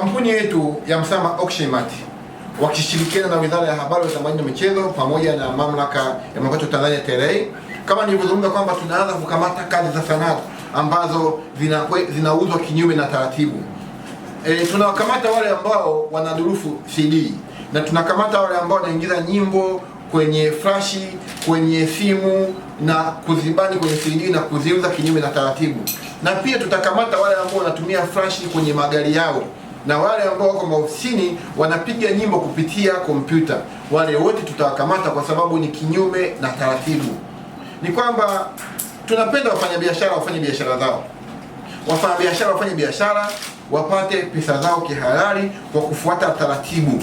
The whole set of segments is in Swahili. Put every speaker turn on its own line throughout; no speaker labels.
Kampuni yetu ya Msama Auction Mart wakishirikiana na Wizara ya Habari, Utamaduni na Michezo pamoja na Mamlaka ya Mapato Tanzania TRA, kama nilivyozungumza kwamba tunaanza kukamata kazi za sanaa ambazo zinauzwa kinyume na taratibu. E, tunawakamata wale ambao wanadurufu CD na tunakamata wale ambao wanaingiza nyimbo kwenye flashi, kwenye simu na kuzibani kwenye CD na kuziuza kinyume na taratibu, na pia tutakamata wale ambao wanatumia flashi kwenye magari yao na wale ambao wako maofisini wanapiga nyimbo kupitia kompyuta, wale wote tutawakamata kwa sababu ni kinyume na taratibu. Ni kwamba tunapenda wafanyabiashara wafanye biashara zao, wafanyabiashara wafanye biashara, wapate pesa zao kihalali kwa kufuata taratibu.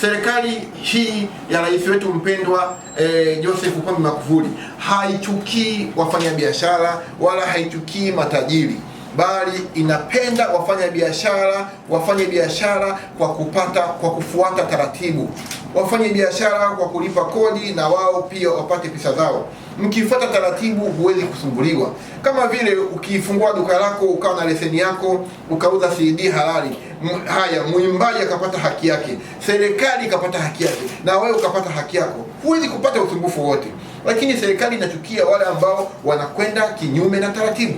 Serikali hii ya rais wetu mpendwa eh, Joseph Pombe Magufuli haichukii wafanyabiashara wala haichukii matajiri bali inapenda wafanya biashara wafanye biashara kwa kupata kwa kufuata taratibu, wafanye biashara kwa kulipa kodi na wao pia wapate pesa zao. Mkifuata taratibu, huwezi kusumbuliwa. Kama vile ukifungua duka lako ukawa na leseni yako ukauza CD halali Haya, mwimbaji akapata haki yake, serikali ikapata haki yake, na wewe ukapata haki yako, huwezi kupata usumbufu wote. Lakini serikali inachukia wale ambao wanakwenda kinyume na taratibu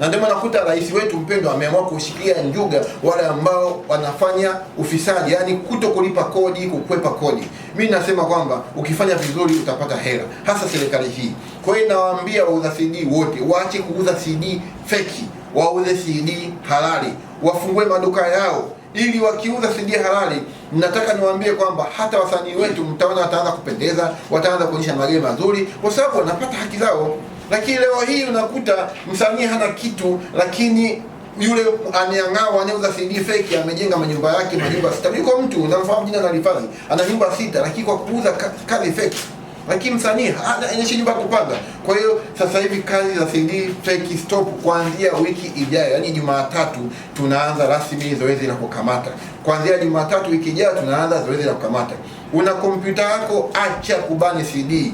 na ndio maana nakuta rais wetu mpendwa ameamua kushikilia njuga wale ambao wanafanya ufisadi, yani kuto kulipa kodi, kukwepa kodi. Mimi nasema kwamba ukifanya vizuri utapata hela, hasa serikali hii. Kwa hiyo nawaambia wauza CD wote waache kuuza CD feki, wauze CD halali, wafungue maduka yao ili wakiuza CD halali, nataka niwaambie kwamba hata wasanii wetu mtaona wataanza kupendeza, wataanza kuonyesha magari mazuri, kwa sababu wanapata haki zao. Lakini leo hii unakuta msanii hana kitu, lakini yule aneang'ao anauza CD fake amejenga manyumba yake manyumba sita. Yuko mtu unamfahamu jina la lifadhi, ana nyumba sita, lakini kwa kuuza kazi fake lakini msanii anaonyesha nyumba kupanga. Kwa hiyo sasa hivi kazi za CD fake stop, kuanzia wiki ijayo, yani Jumatatu tunaanza rasmi zoezi la kukamata. Kuanzia Jumatatu wiki ijayo tunaanza zoezi la kukamata. Una kompyuta yako, acha kubani CD.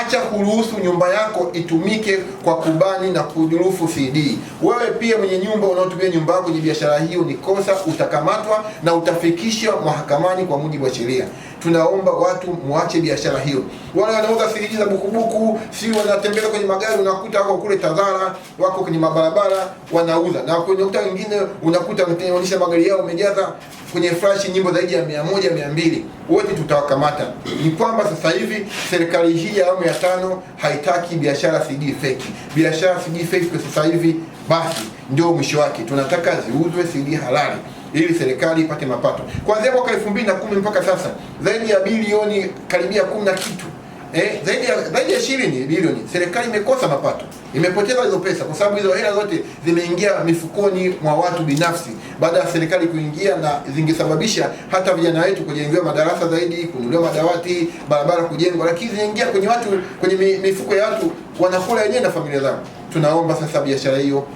Acha kuruhusu nyumba yako itumike kwa kubani na kudurufu CD. Wewe pia mwenye nyumba unaotumia nyumba yako kwenye biashara hiyo, ni kosa, utakamatwa na utafikishwa mahakamani kwa mujibu wa sheria tunaomba watu mwache biashara hiyo. Wale wanauza siriji za bukubuku, si wanatembea kwenye magari, unakuta wako kule Tazara, wako kwenye mabarabara wanauza, na kwenye mtaa mwingine unakuta wanatengenisha magari yao umejaza kwenye flash nyimbo zaidi ya 100 200. Wote tutawakamata. Ni kwamba sasa hivi serikali hii ya awamu ya tano haitaki biashara CD feki, biashara CD feki kwa sasa hivi basi ndio mwisho wake. Tunataka ziuzwe CD halali ili serikali ipate mapato. Kuanzia mwaka 2010 mpaka sasa zaidi ya bilioni karibia kumi na kitu eh, zaidi ya zaidi ya ishirini bilioni serikali imekosa mapato, imepoteza hizo pesa, kwa sababu hizo hela zote zimeingia mifukoni mwa watu binafsi baada ya serikali kuingia, na zingesababisha hata vijana wetu kujengewa madarasa zaidi, kununuliwa madawati, barabara kujengwa, lakini zinaingia kwenye watu, kwenye mifuko ya watu, wanakula wenyewe na familia zao. Tunaomba sasa biashara hiyo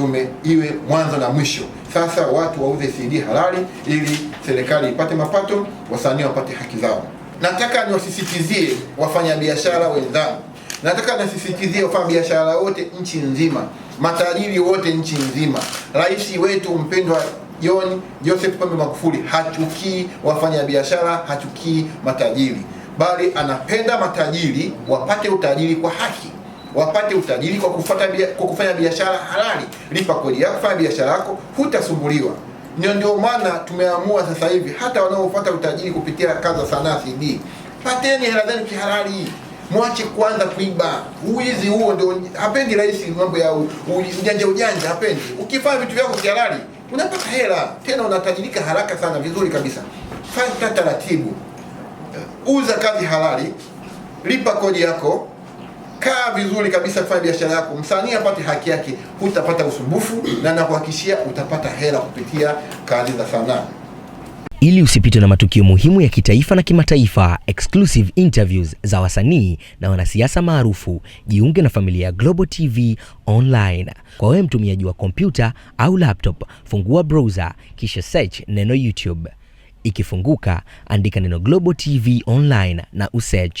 tume iwe mwanzo na mwisho. Sasa watu wauze CD halali ili serikali ipate mapato, wasanii wapate haki zao. Nataka niwasisitizie wafanyabiashara wenzangu, nataka nisisitizie wafanyabiashara wote nchi nzima, matajiri wote nchi nzima. Rais wetu mpendwa John Joseph Pombe Magufuli hachukii wafanyabiashara, hachukii matajiri, bali anapenda matajiri wapate utajiri kwa haki wapate utajiri kwa kufuata kwa kufanya biashara halali. Lipa kodi yako, fanya biashara yako, hutasumbuliwa. Ndio, ndio maana tumeamua sasa hivi hata wanaofuata utajiri kupitia kazi za sanaa CD, pateni hela zenu kihalali, mwache kwanza kuiba. Uizi huo ndio hapendi rais, mambo ya ujanja ujanja hapendi. Ukifanya vitu vyako kihalali unapata hela, tena unatajirika haraka sana, vizuri kabisa. Fanya taratibu, uza kazi halali, lipa kodi yako kaa vizuri kabisa kufanya biashara yako, msanii apate haki yake, hutapata usumbufu na nakuhakikishia utapata hela kupitia kazi za sanaa.
Ili usipitwe na matukio muhimu ya kitaifa na kimataifa, exclusive interviews za wasanii na wanasiasa maarufu, jiunge na familia ya Global TV Online. Kwa wewe mtumiaji wa kompyuta au laptop, fungua browser kisha search neno YouTube. Ikifunguka, andika neno Global TV Online na usearch